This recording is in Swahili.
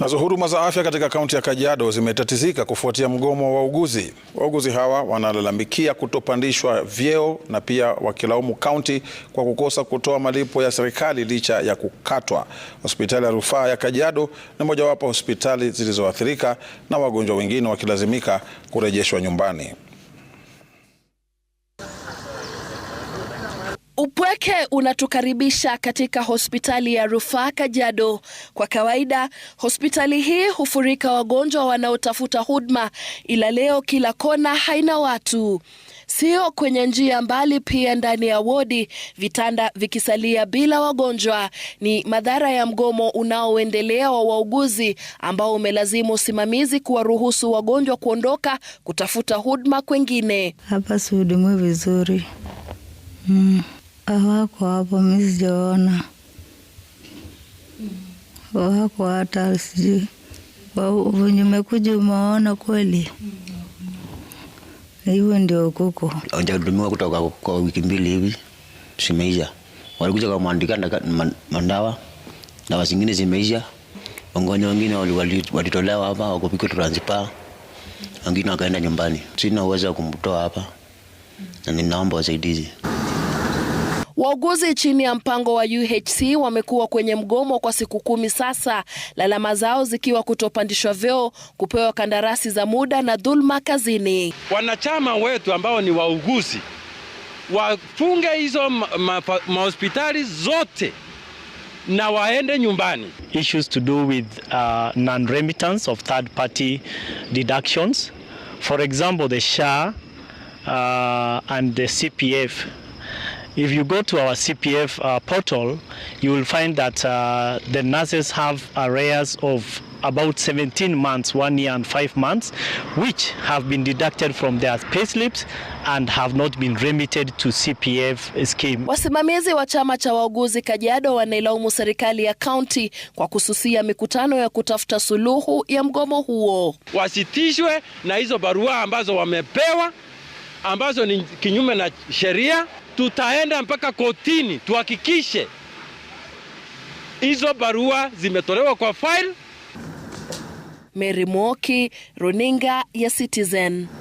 Nazo huduma za afya katika kaunti ya Kajiado zimetatizika kufuatia mgomo wa wauguzi. Wauguzi hawa wanalalamikia kutopandishwa vyeo na pia wakilaumu kaunti kwa kukosa kutoa malipo ya serikali licha ya kukatwa. Hospitali ya rufaa ya Kajiado ni mojawapo hospitali zilizoathirika na wagonjwa wengine wakilazimika kurejeshwa nyumbani. Upweke unatukaribisha katika hospitali ya rufaa Kajiado. Kwa kawaida hospitali hii hufurika wagonjwa wanaotafuta huduma, ila leo kila kona haina watu, sio kwenye njia mbali, pia ndani ya wodi vitanda vikisalia bila wagonjwa. Ni madhara ya mgomo unaoendelea wa wauguzi ambao umelazimu usimamizi kuwaruhusu wagonjwa kuondoka kutafuta huduma kwengine. Hapa sihudumiwi vizuri mm. Wako hapo, mi sijaona. Wako hata sijui wenye umeona kweli? hiyo ndio kuko hajahudumiwa kutoka kwa wiki mbili hivi, simeisha Walikuja na mandawa, na zingine zimeisha. Wagonjwa wengine walitolewa hapa, wakupikwa transpa, wengine wakaenda nyumbani. Sina uwezo wa kumtoa hapa, na ninaomba wasaidizi. Wauguzi chini ya mpango wa UHC wamekuwa kwenye mgomo kwa siku kumi sasa, lalama zao zikiwa kutopandishwa vyeo, kupewa kandarasi za muda na dhulma kazini. Wanachama wetu ambao ni wauguzi wafunge hizo mahospitali ma, ma, zote na waende nyumbani. Issues to do with uh, non-remittance of third party deductions. For example, the SHA uh, and the CPF If you go to our CPF uh, portal, you will find that uh, the nurses have arrears of about 17 months, one year and five months, which have been deducted from their payslips and have not been remitted to CPF scheme. Wasimamizi wa chama cha wauguzi Kajiado wanailaumu serikali ya kaunti kwa kususia mikutano ya kutafuta suluhu ya mgomo huo. Wasitishwe na hizo barua ambazo wamepewa ambazo ni kinyume na sheria. Tutaenda mpaka kotini tuhakikishe hizo barua zimetolewa kwa file. Mary Mwoki, Runinga ya Citizen.